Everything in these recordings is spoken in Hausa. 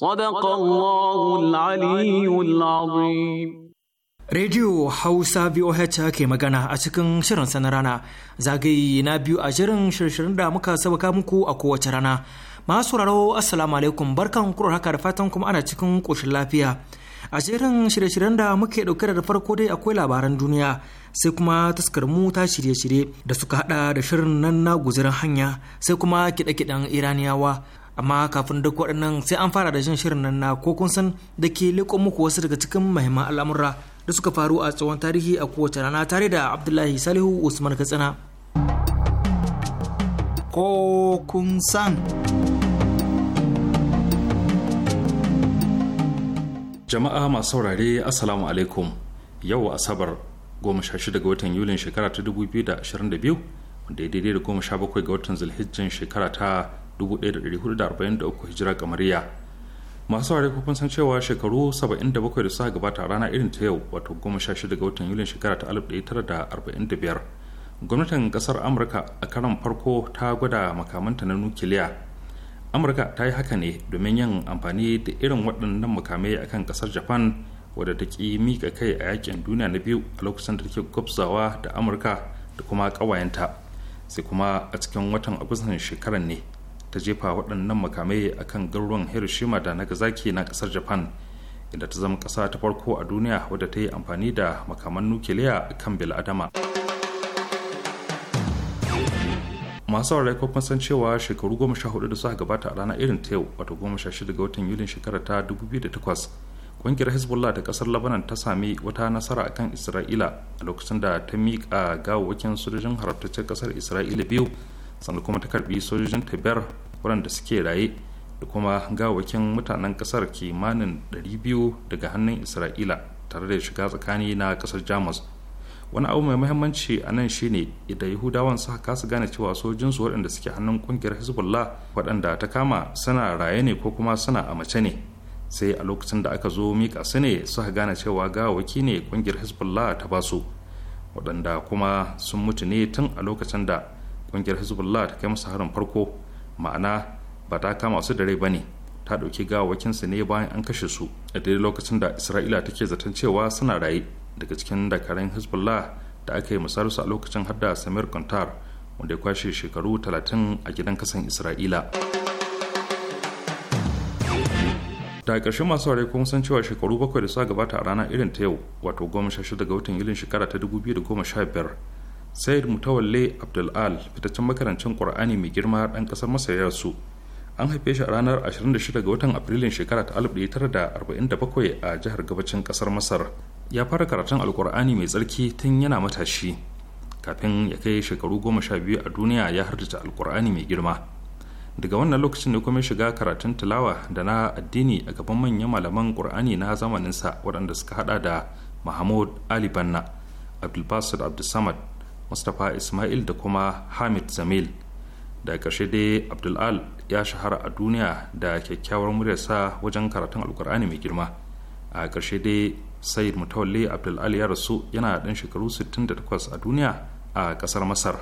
صدق الله العلي العظيم Rediyo Hausa VOH ke magana a cikin shirin na rana zagaye na biyu a shirin shirin da muka sabaka muku a kowace rana. Masu sauraro Assalamu alaikum barkan kuro haka da fatan kuma ana cikin koshin lafiya. A shirin shirye-shiryen da muke ɗauke da farko dai akwai labaran duniya sai kuma taskar mu ta shirye-shirye da suka hada da shirin nan na guzurin hanya sai kuma kiɗe-kiɗen Iraniyawa. amma kafin duk waɗannan sai an fara da jin shirin nan na ko kun san da ke leƙo muku wasu daga cikin mahimman al'amura da suka faru a tsawon tarihi a kowace rana tare da abdullahi salihu usman katsina ko kun san jama'a masu saurare assalamu alaikum yau asabar goma sha shida ga watan yulin shekara ta 2022 wanda ya daidai da goma sha bakwai ga watan zulhijjin shekara ta 1443 hijira kamariya masu ware kufin san cewa shekaru 77 da suka gabata rana irin ta yau wato 16 ga watan yulin shekara ta 1945 gwamnatin kasar amurka a karan farko ta gwada makamanta na nukiliya amurka ta yi haka ne domin yin amfani da irin waɗannan makamai akan kasar japan wadda ta ki mika kai a yakin duniya na biyu a lokacin da take gwabzawa da amurka da kuma ƙawayenta sai kuma a cikin watan agustan shekaran ne ta jefa waɗannan makamai a kan garuruwan hiroshima da nagasaki na ƙasar japan inda ta zama ƙasa ta farko a duniya wadda ta yi amfani da makaman nukiliya kan bil'adama masu saurare ko san cewa shekaru goma sha hudu da suka gabata a rana irin ta yau wato goma sha shida ga watan yulin shekara ta dubu biyu da takwas ƙungiyar hezbollah ta ƙasar labanan ta sami wata nasara a kan isra'ila a lokacin da ta miƙa gawawwakin sojojin haramtaccen ƙasar isra'ila biyu sannan kuma ta karbi sojojin tibiyar waɗanda suke raye da kuma gawakin mutanen ƙasar kimanin 200 daga hannun isra'ila tare da shiga tsakani na ƙasar jamus wani abu mai mahimmanci a nan shine idan yahudawan suka kasa gane cewa sojinsu waɗanda suke hannun ƙungiyar hezbollah waɗanda ta kama suna raye ne ko kuma suna a mace ne sai a lokacin da aka zo mika su ne suka gane cewa gawaki ne ƙungiyar hezbollah ta basu waɗanda kuma sun mutu ne tun a lokacin da ƙungiyar hezbollah ta kai musu harin farko ma'ana ba ta kama su da rai ba ne ta ɗauki gawakinsu ne bayan an kashe su a daidai lokacin da isra'ila take zaton cewa suna raye daga cikin dakarun hezbollah da aka yi misalarsu a lokacin hadda samir kontar wanda ya kwashe shekaru 30 a gidan kasan isra'ila da ƙarshe masu ware kuma san cewa shekaru bakwai da suka gabata a rana irin ta yau wato goma sha shida ga watan yulin shekara ta dubu biyu da goma sha biyar said mutawalle abdul abdul'al fitaccen makarancin ƙur'ani mai girma ɗan ƙasar masar ya rasu an haife shi a ranar 26 ga watan afrilun shekara ta 1947 a jihar gabacin ƙasar masar ya fara karatun alƙur'ani mai tsarki tun yana matashi kafin ya kai shekaru goma sha biyu a duniya ya harjata alƙur'ani mai girma daga wannan lokacin ne kuma shiga karatun tilawa da na addini a gaban manyan malaman ƙur'ani na zamaninsa waɗanda suka hada da mahmud ali banna abdulbasir abdulsamad mustapha ismail da kuma hamid zamil da karshe dai abdulal ya shahara a duniya da kyakkyawar muryarsa wajen karatun alkur'ani mai girma a ƙarshe dai sayid mutawalli abdulal ya rasu yana ɗan shekaru 68 a duniya a ƙasar masar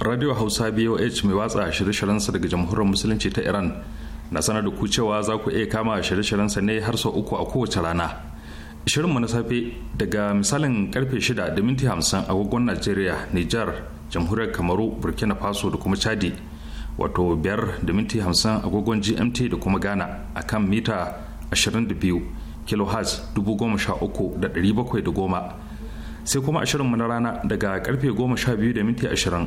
radio hausa boh mai watsa shirye-shiryensa daga jamhuriyar musulunci ta iran na sanar da ku cewa za ku iya kama shirye-shiryen sa ne har sau uku a kowace rana shirin mu na safe daga misalin karfe 6 da minti 50 agogon najeriya nijar jamhuriyar kamaru burkina faso da kuma chadi wato 5 da minti 50 agogon gmt da kuma ghana a kan mita 22 kilohertz 13710 sai kuma a shirin mu na rana daga karfe 12 da minti 20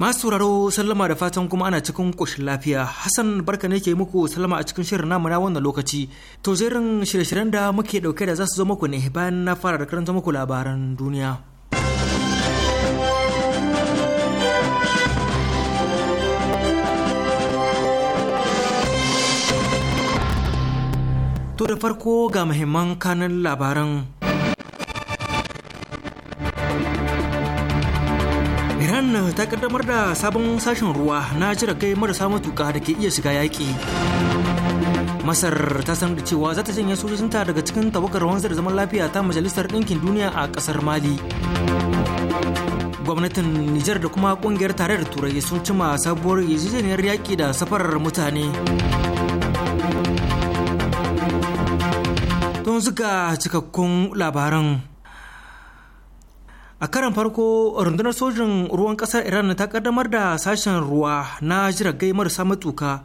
Masu sauraro sallama da fatan kuma ana cikin ƙoshin lafiya. Hassan barka ne ke muku sallama a cikin shirin namu wannan lokaci. To zirin shirye-shiryen da muke ɗauke da za su zo muku ne bayan na fara da karanta muku labaran duniya. To da farko ga muhimman kanan labaran ta kaddamar da sabon sashen ruwa na jira kai marasa matuka da ke iya shiga yaƙi. Masar ta sanar da cewa za ta janye sojojinta daga cikin tawagar wanzar zaman lafiya ta Majalisar Ɗinkin Duniya a ƙasar Mali. Gwamnatin Nijar da kuma ƙungiyar tare tarayyar Turai sun cima sabuwar yarjejeniyar yaƙi da safarar mutane. Tun suka cikakkun labaran a karan farko rundunar sojin ruwan kasar iran ta kaddamar da sashen ruwa na jiragai marasa matuka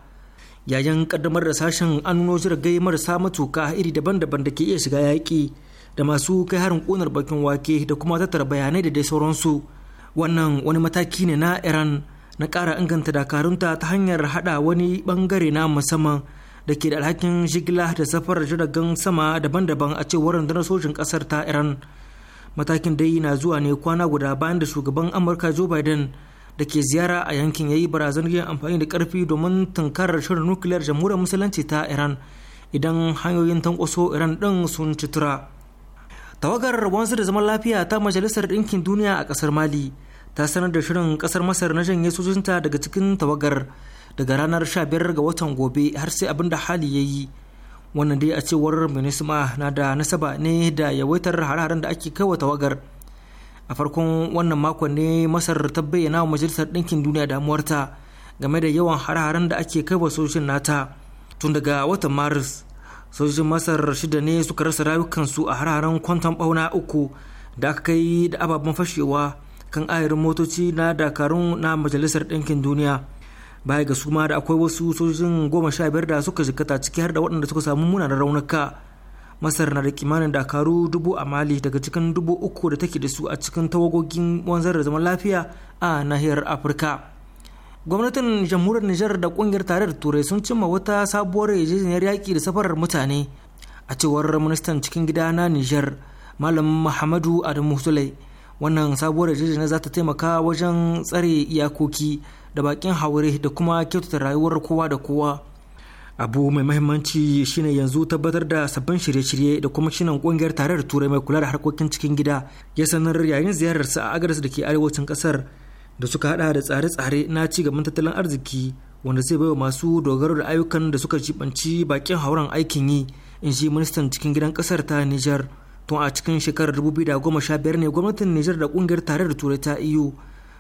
yayin kaddamar da sashen an nuno jiragai marasa matuka iri daban-daban da ke iya shiga yaƙi da masu kai harin ƙunar bakin wake da kuma tattara bayanai da dai sauransu wannan wani mataki ne na iran na ƙara inganta dakarunta ta hanyar haɗa wani ɓangare na musamman da ke da alhakin jigila da safarar jiragen sama daban-daban a cewar rundunar sojin kasar ta iran matakin dai na zuwa ne kwana guda bayan da shugaban amurka joe biden da ke ziyara a yankin ya yi barazanar yin amfani da karfi domin tunkarar shirin nukiliyar jamhuriyar musulunci ta iran idan hanyoyin tankwaso iran din sun citura tawagar wanzu da zaman lafiya ta majalisar ɗinkin duniya a ƙasar mali ta sanar da shirin ƙasar masar na janye sojojinta daga cikin tawagar daga ranar 15 ga watan gobe har sai abin da hali ya yi wannan dai a cewar minisma na da nasaba ne da yawaitar hare-haren da ake wa tawagar a farkon wannan makon ne masar ta bayyana wa majalisar ɗinkin duniya damuwarta game da yawan hare-haren da ake kai wa sojojin nata tun daga watan maris sojojin masar shida ne suka rasa rayukansu a hare-haren kwantan bauna uku da aka kai da ababen fashewa kan ayarin motoci na dakarun na majalisar ɗinkin duniya baya ga suma da akwai wasu sojojin goma sha biyar da suka jikata ciki har da waɗanda suka samu munanan raunuka masar na da kimanin dakaru dubu a mali daga cikin dubu uku da take da su a cikin tawagogin wanzar da zaman lafiya a nahiyar afirka gwamnatin jamhuriyar nijar da kungiyar tarayyar turai sun cimma wata sabuwar yarjejeniyar yaƙi da safarar mutane a cewar ministan cikin gida na nijar malam muhammadu adamu sulai wannan sabuwar yarjejeniyar za ta taimaka wajen tsare iyakoki da bakin haure da kuma kyautata rayuwar kowa da kowa abu mai mahimmanci shine yanzu tabbatar da sabbin shirye-shirye da kuma shinan kungiyar tarayyar turai mai kula da harkokin cikin gida ya sanar yayin ziyararsa a agadas da ke arewacin kasar da suka hada da tsare-tsare na ci gaban tattalin arziki wanda zai baiwa masu dogaro da ayyukan da suka jibanci bakin hauren aikin yi in ji ministan cikin gidan kasar ta nijar tun a cikin shekarar 2015 ne gwamnatin niger da kungiyar tarayyar turai ta iyo. E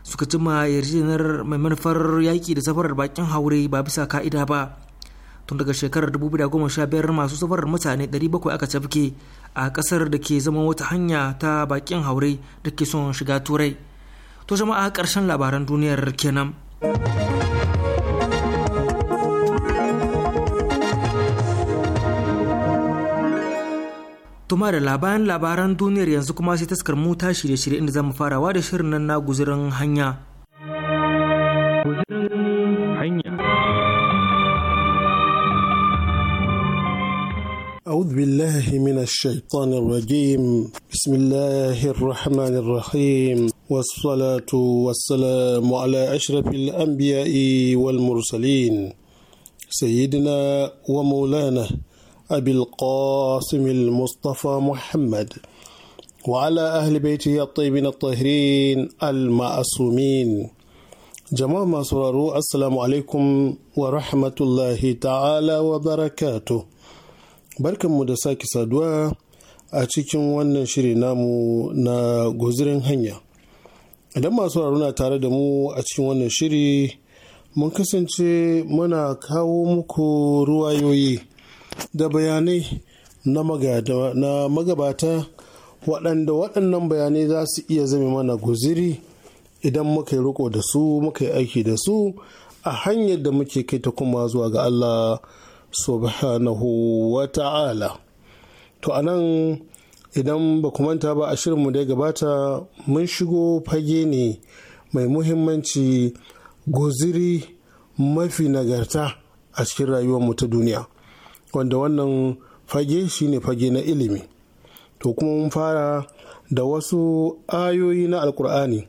suka cima yarjejeniyar mai manufar yaƙi da safarar bakin haure ba bisa ka'ida ba tun daga shekarar 2015 masu safarar mutane 700 aka cafke a ƙasar da ke zama wata hanya ta bakin haure da ke son shiga turai to jama'a karshen labaran duniyar kenan. Tuma da labaran labaran duniyar yanzu kuma sai taskar mu ta shirye-shirye inda zamu farawa da shirin nan na guzurin hanya. أعوذ بالله من الشيطان الرجيم بسم الله الرحمن الرحيم والصلاة والسلام على أشرف الأنبياء والمرسلين سيدنا ومولانا أبي القاسم المصطفى محمد وعلى أهل بيته الطيبين الطاهرين المعصومين jama'a masu raro assalamu alaikum wa rahmatullahi ta'ala wa barakatu mu da sake saduwa a cikin wannan shiri namu na guzirin hanya idan masu raro na tare da mu a cikin wannan shiri mun kasance muna kawo muku ruwayoyi da bayanai na magabata waɗanda waɗannan bayanai za su iya zame mana guziri idan muka yi riko da su muka yi aiki da su a hanyar da muke kai ta kuma zuwa ga Allah subhanahu wa ta'ala to anan idan ba manta ba a shirinmu da ya gabata mun shigo fage ne mai muhimmanci guziri mafi nagarta a cikin rayuwarmu ta duniya wanda wannan fage shine fage na ilimi to kuma mun fara da wasu ayoyi na alkur'ani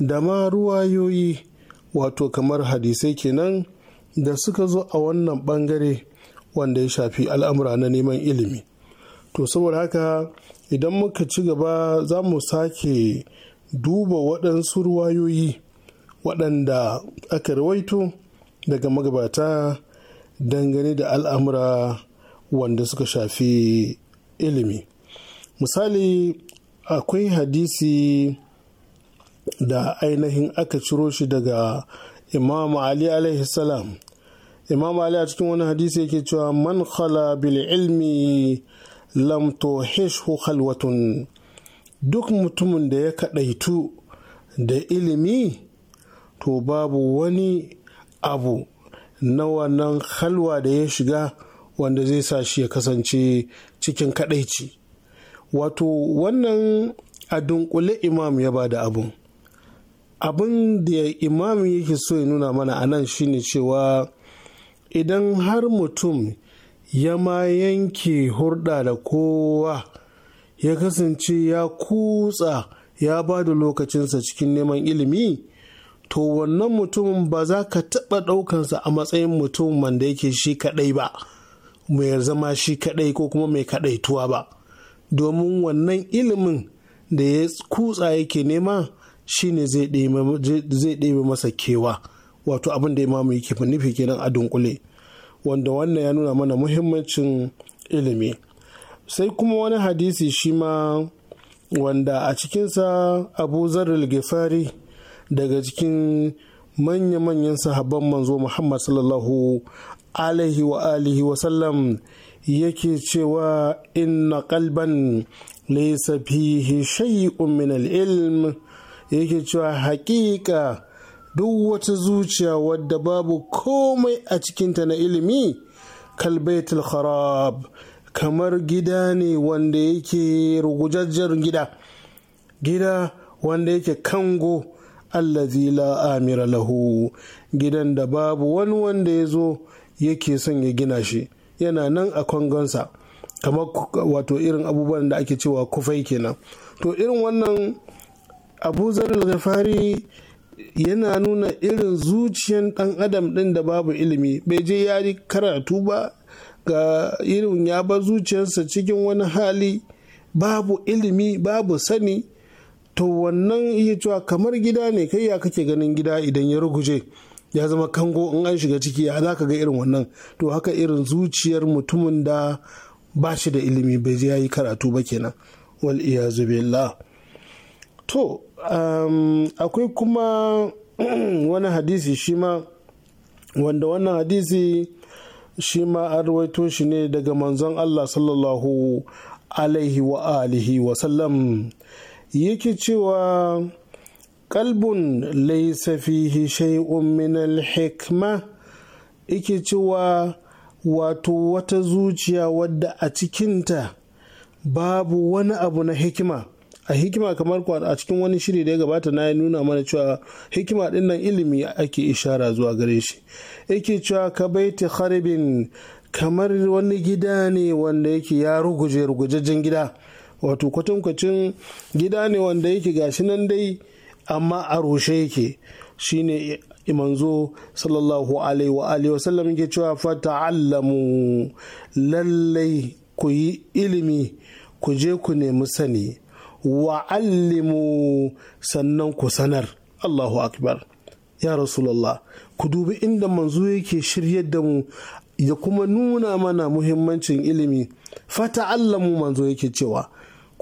da ma ruwayoyi wato kamar hadisai kenan da suka zo a wannan bangare wanda ya shafi al'amura na neman ilimi to saboda haka idan muka ci gaba za mu sake duba waɗansu ruwayoyi waɗanda aka rawaito daga magabata dangane da al'amura wanda suka shafi ilimi misali akwai hadisi da ainihin aka ciro shi daga imam ali alaihi salam imam ali a cikin wani hadisi yake cewa man khala bil ilmi lam tuhishhu khalwatun duk mutumin da ya kaɗaitu da ilimi to babu wani abu na wannan halwa da ya shiga wanda zai sa shi ya kasance cikin kadaici wato wannan a dunkule imam ya ba da abun abin da imam yake so ya nuna mana a nan shine cewa idan har mutum ya ma yanke hurɗa da kowa ya kasance ya kutsa ya ba da lokacinsa cikin neman ilimi to wannan mutumin ba za ka taɓa ɗaukansa a matsayin mutum wanda yake shi kaɗai ba mai zama shi kaɗai ko kuma mai kaɗaituwa ba domin wannan ilimin da ya kutsa yake nema shi ne zai ɗebe masa kewa wato abin da imamu yake nufi kenan a dunkule wanda wannan ya nuna mana muhimmancin ilimi sai kuma wani hadisi shi ma wanda a cikinsa abu zarar gifari daga cikin manya-manyan sahabban manzo Muhammad sallallahu alaihi wa alihi wa sallam yake cewa inna kalban laysa fihi shay'un min al-ilm yake cewa hakika duk wata zuciya wadda babu komai a cikinta na ilimi kalbaitul kharab kamar gida ne wanda yake rugujajjar gida gida wanda yake kango allazi la amira lahu gidan da babu wani wanda ya zo yake son ya gina shi yana nan a kwangonsa kamar wato irin abubuwan da ake cewa kufai kenan to irin wannan abu zafari yana nuna irin zuciyan dan adam din da babu ilimi bai je ya karatu ba ga irin ya bar zuciyarsa cikin wani hali babu ilimi babu sani to wannan iya cewa kamar gida ne kai ya kake ganin gida idan ya ruguje ya zama kango in an shiga ciki ya za ka ga irin wannan to haka irin zuciyar mutumin da ba shi da ilimi bai je ya yi karatu ba kenan wal billah to akwai kuma wani hadisi shi ma wanda wannan hadisi shi ma an shi ne daga manzon Allah sallallahu alaihi wa alihi wa sallam yake cewa kalbun laisa fihi shay'un min al-hikma yake cewa wato wata zuciya wadda a cikinta babu wani abu na hikima a hikima kamar a cikin wani shiri da ya gabata na ya nuna mana cewa hikima din nan ilimi ake ishara zuwa gare shi yake cewa ka baiti kharibin kamar wani gida ne wanda yake ya ruguje rugujejjen gida wato kwatankwacin gida ne wanda yake gashi nan dai amma a rushe yake shine Imanzo. sallallahu alaihi wa alihi sallam yake cewa fata'allamu lallai ku yi ilimi ku je ku nemi sani wa'allimu sannan ku sanar Allahu akbar ya rasulallah ku dubi inda manzo yake shiryar da mu ya kuma nuna mana muhimmancin ilimi Fata allamu manzo yake cewa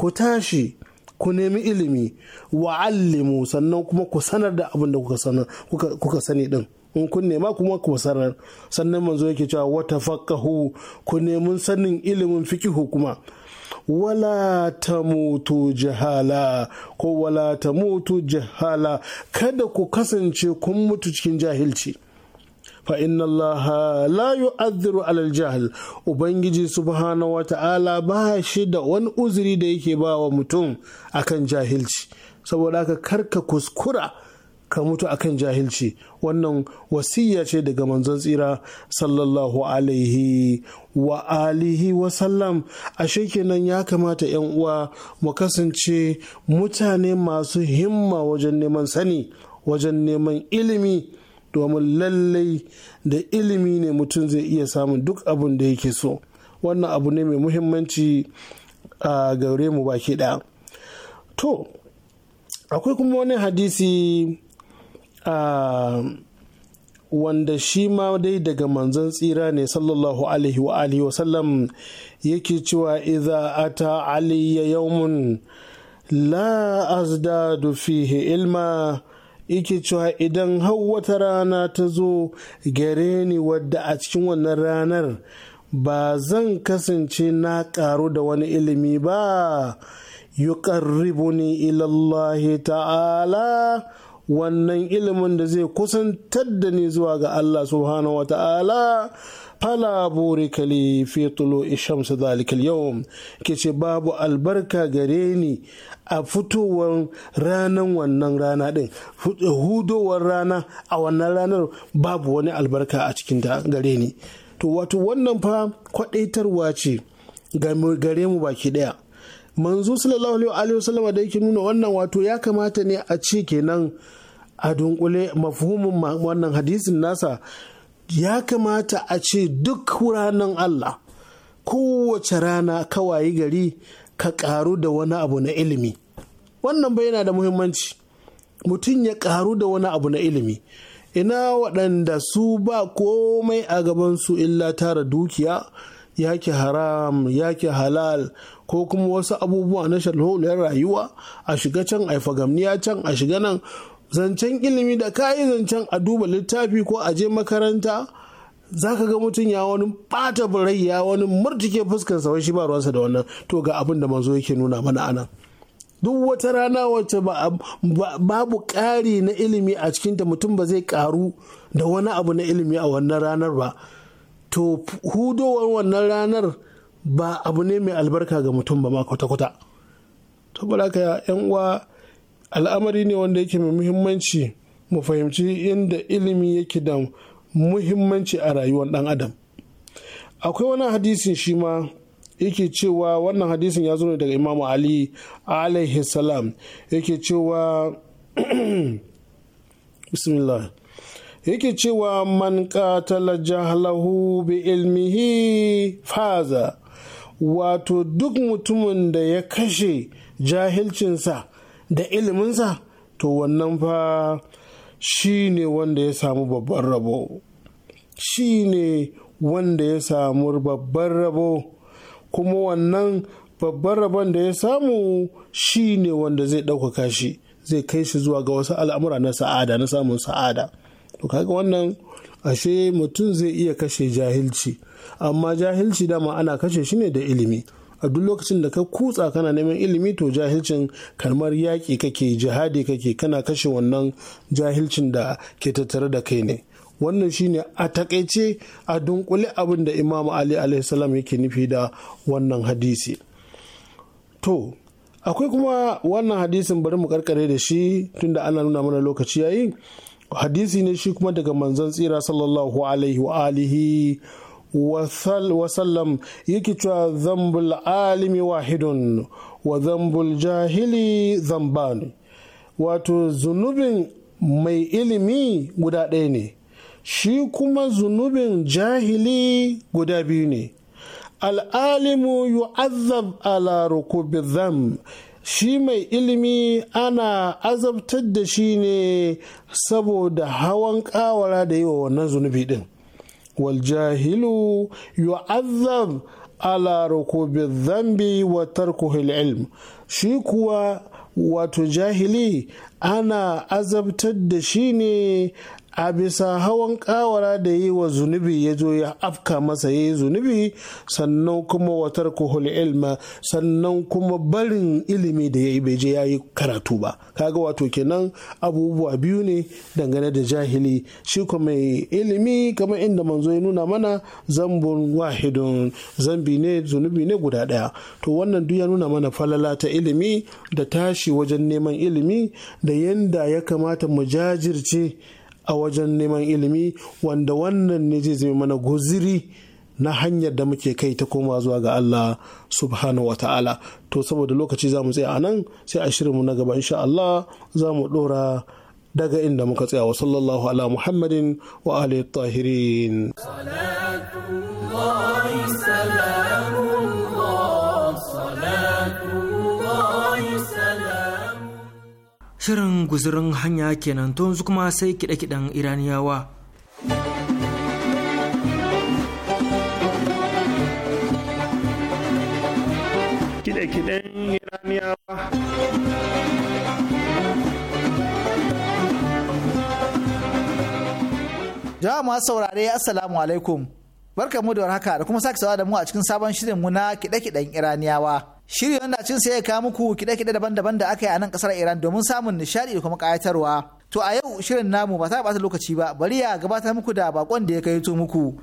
ku tashi ku nemi ilimi wa wa'allimu sannan kuma ku sanar da abin da kuka sani din in kun nema kuma ku sanar sannan manzo yake cewa wata faqahu ku nemi sanin ilimin fikihu kuma wala ta mutu jahala ko wala ta mutu jahala kada ku kasance kun mutu cikin jahilci fa inna Allah la yu'adhdhiru alal jahl ubangiji subhanahu wata'ala ba shi da wani uzuri da yake ba wa mutum akan jahilci saboda haka karka kuskura ka mutu akan jahilci wannan wasiya ce daga manzon tsira sallallahu alaihi wa alihi wa sallam ashe kenan ya kamata yan uwa mu kasance mutane masu himma wajen neman sani wajen neman ilimi domin lallai da ilimi ne mutum zai iya samun duk abin da yake so wannan abu ne mai muhimmanci a gare mu baki ɗaya to akwai kuma wani hadisi a wanda shi ma dai daga manzon tsira ne sallallahu alaihi wa alihi wasallam yake cewa "Iza ata aliyya yawmun la azdadu fihi ilma yake cewa idan hau wata rana ta zo gare ni wadda a cikin wannan ranar ba zan kasance na karu da wani ilimi ba yuqarribuni ilallahi ta'ala wannan ilimin da zai kusantar da ni zuwa ga Allah subhanahu wa ta'ala fala burika li fi tulu'i shams dhalika al-yawm kace babu albarka gare ni a fitowar ranar wannan rana din hudowar rana a wannan ranar babu wani albarka a cikin da gare ni to wato wannan fa kwadaitarwa ce gare mu baki daya manzo sallallahu alaihi wasallama da yake nuna wannan wato ya kamata ne a ce kenan a dunkule mafhumin wannan hadisin nasa ya kamata a ce duk ranar Allah kowace rana kawai gari ka karu da wani abu na ilimi wannan bai yana da muhimmanci mutum ya karu da wani abu na ilimi ina waɗanda su ba komai a gabansu illa tara dukiya yaki haram yake halal ko kuma wasu abubuwa na shalholiyar rayuwa a shiga can a fagamniya can a shiga nan zancen ilimi da ka yi zancen a duba littafi ko a je makaranta za ka ga mutum ya wani bata birai ya wani murtike fuskarsa wai shi ba ruwansa da wannan to ga abin da manzo yake nuna mana anan duk wata rana wacce babu ƙari na ilimi a cikinta mutum ba zai karu da wani abu na ilimi a wannan ranar ba to hudowar wannan ranar ba abu ne mai albarka ga mutum ba ma kwata-kwata yan uwa al'amari ne wanda yake mai muhimmanci mu fahimci inda ilimi yake da muhimmanci a rayuwar ɗan adam akwai wani hadisin shi ma yake cewa wannan hadisin ya zo daga imamu ali alaihi salam yake cewa bismillah yake cewa man qatala jahlahu bi ilmihi faza wato duk mutumin da ya kashe jahilcinsa da iliminsa to wannan fa shi ne wanda ya samu babban rabo shi ne wanda ya samu babban rabo kuma wannan babban rabon da ya samu shi ne wanda zai ɗaukaka shi zai kai shi zuwa ga wasu al'amura na sa'ada na samun sa'ada to kaga wannan ashe mutum zai iya kashe jahilci amma jahilci dama ana kashe shi ne da ilimi a duk lokacin da ka kutsa kana neman ilimi to jahilcin kalmar yaƙi kake jihadi kake kana kashe wannan jahilcin da ke tattare da kai ne wannan shine a takaice a dunkule abin da imam ali alaihissalam yake nufi da wannan hadisi to akwai kuma wannan hadisin bari mu karkare da shi tunda ana nuna mana lokaci yayi hadisi ne shi kuma daga manzon tsira sallallahu alaihi wa alihi wasallam yake cewa zambul alimi wahidun wa zambul jahili zambani wato zunubin mai ilimi guda ɗaya ne shi kuma zunubin jahili guda biyu ne al'alimu yu'azzab ala rukubi shi mai ilimi ana azabtar da shi ne saboda hawan ƙawara da yi wa wannan zunubi ɗin. والجاهل يعذب على ركوب الذنب وتركه العلم شيكوا wato jahili ana azabtar da shi ne a bisa hawan kawara da yi wa zunubi ya zo ya afka masa ya yi zunubi sannan kuma watar kuhul ilma sannan kuma barin ilimi da ya yi bai je ya yi karatu ba kaga wato kenan abubuwa biyu ne dangane da jahili shi kuma mai ilimi kamar inda manzo ya nuna mana zambun wahidun zambi ne zunubi ne guda daya to wannan duk ya nuna mana falala ta ilimi da tashi wajen neman ilimi da yanda ya kamata mu jajirce a wajen neman ilimi wanda wannan ne zai zama mana guziri na hanyar da muke kai ta koma zuwa ga Allah subhanahu wa ta'ala to saboda lokaci za mu tsaya a nan sai a shirinmu na gaba insha Allah za mu dora daga inda muka tsaya wa sallallahu ala muhammadin wa alihi tahirin Shirin guzurin hanya kenan to yanzu kuma sai kiɗe-kiɗen Iraniyawa. Kiɗe-kiɗen Iraniyawa. Jama'a masu saurare Assalamu alaikum. Barka da warhaka da kuma sake sawa da mu a cikin sabon shirin mu na kiɗe-kiɗen Iraniyawa. shirin wanda cin sai ya kawo muku kide-kide daban-daban da aka yi a nan kasar Iran domin samun nishadi da kuma kayatarwa. To a yau shirin namu ba ta bata lokaci ba bari ya gabata muku da bakon da ya gayyato muku.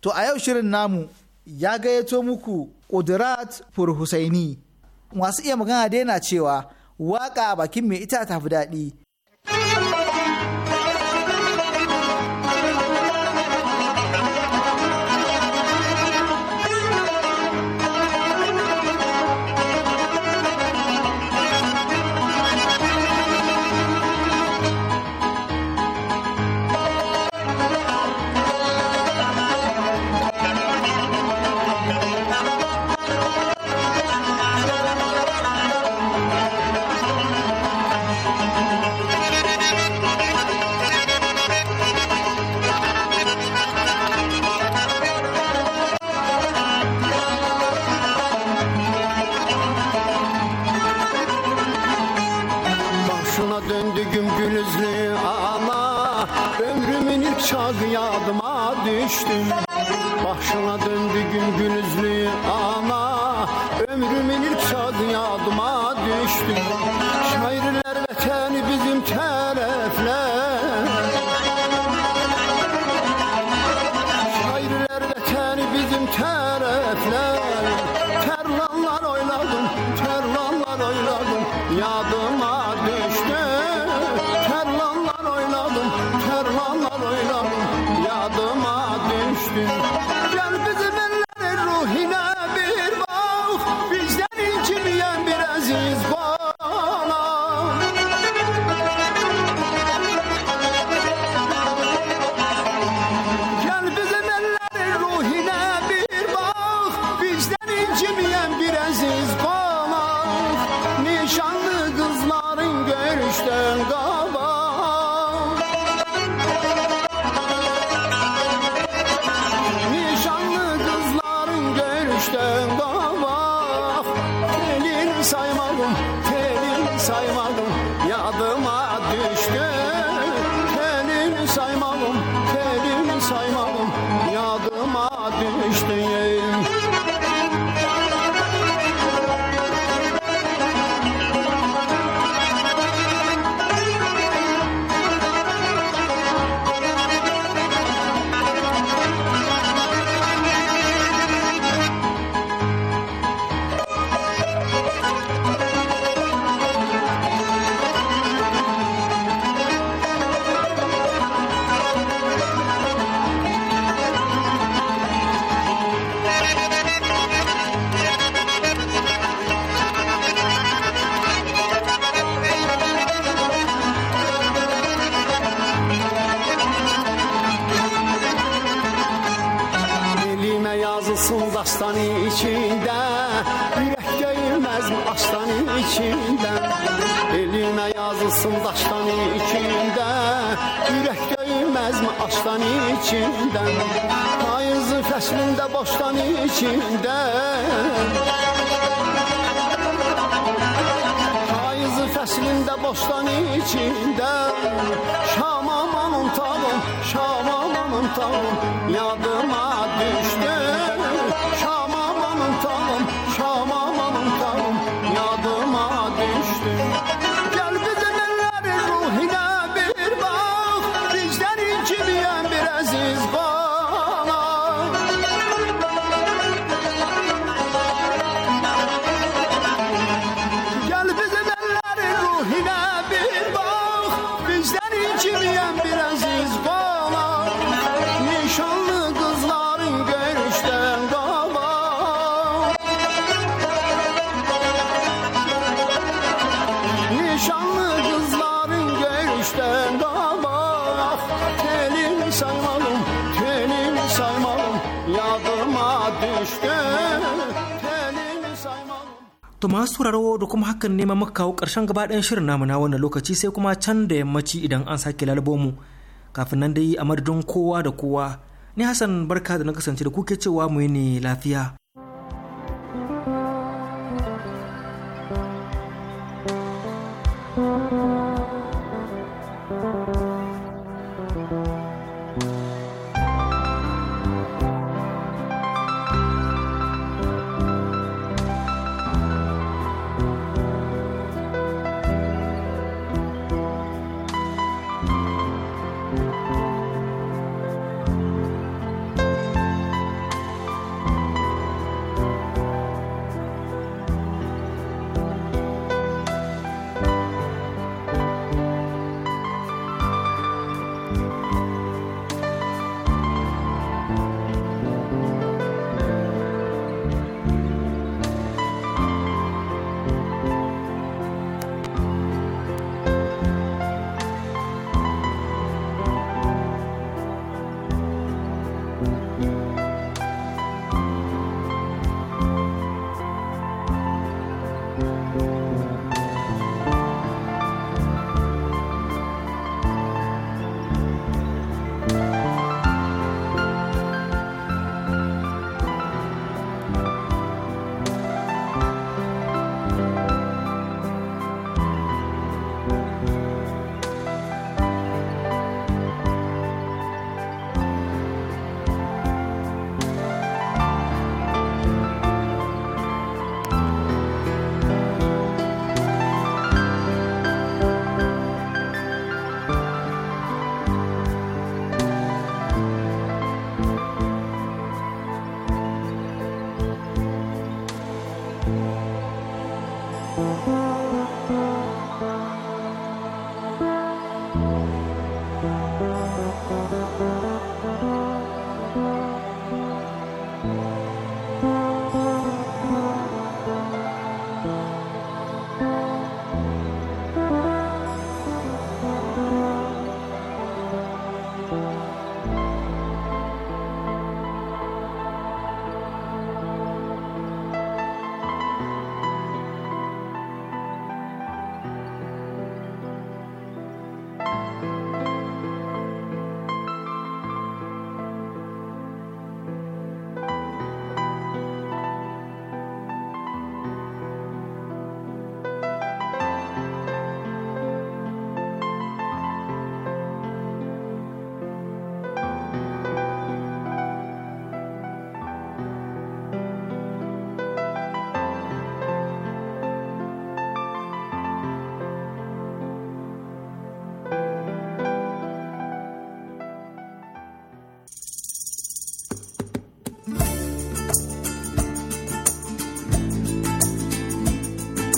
To a yau shirin namu ya gayyato muku Fur Furhusaini. Masu iya magana dai na cewa waka bakin mai ita tafi daɗi. düştü Başına döndü gün gün üzlü Kalsın dastan içində Ürək döyülməz mi aşdan içində Elmə yazılsın daşdan içində Ürək döyülməz mi aşdan içində Payızı fəslində boşdan içində Payızı fəslində boşdan içində Şam amanın tavım, şam amanın tavım Yadıma düşdüm masu sauraro da kuma hakan neman muka kawo ƙarshen gabaɗayan shirin namu na wannan lokaci sai kuma can da yammaci idan an sake lalbo kafin nan dai a madadin kowa da kowa ni Hassan barka da na kasance da kuke cewa mu ne lafiya.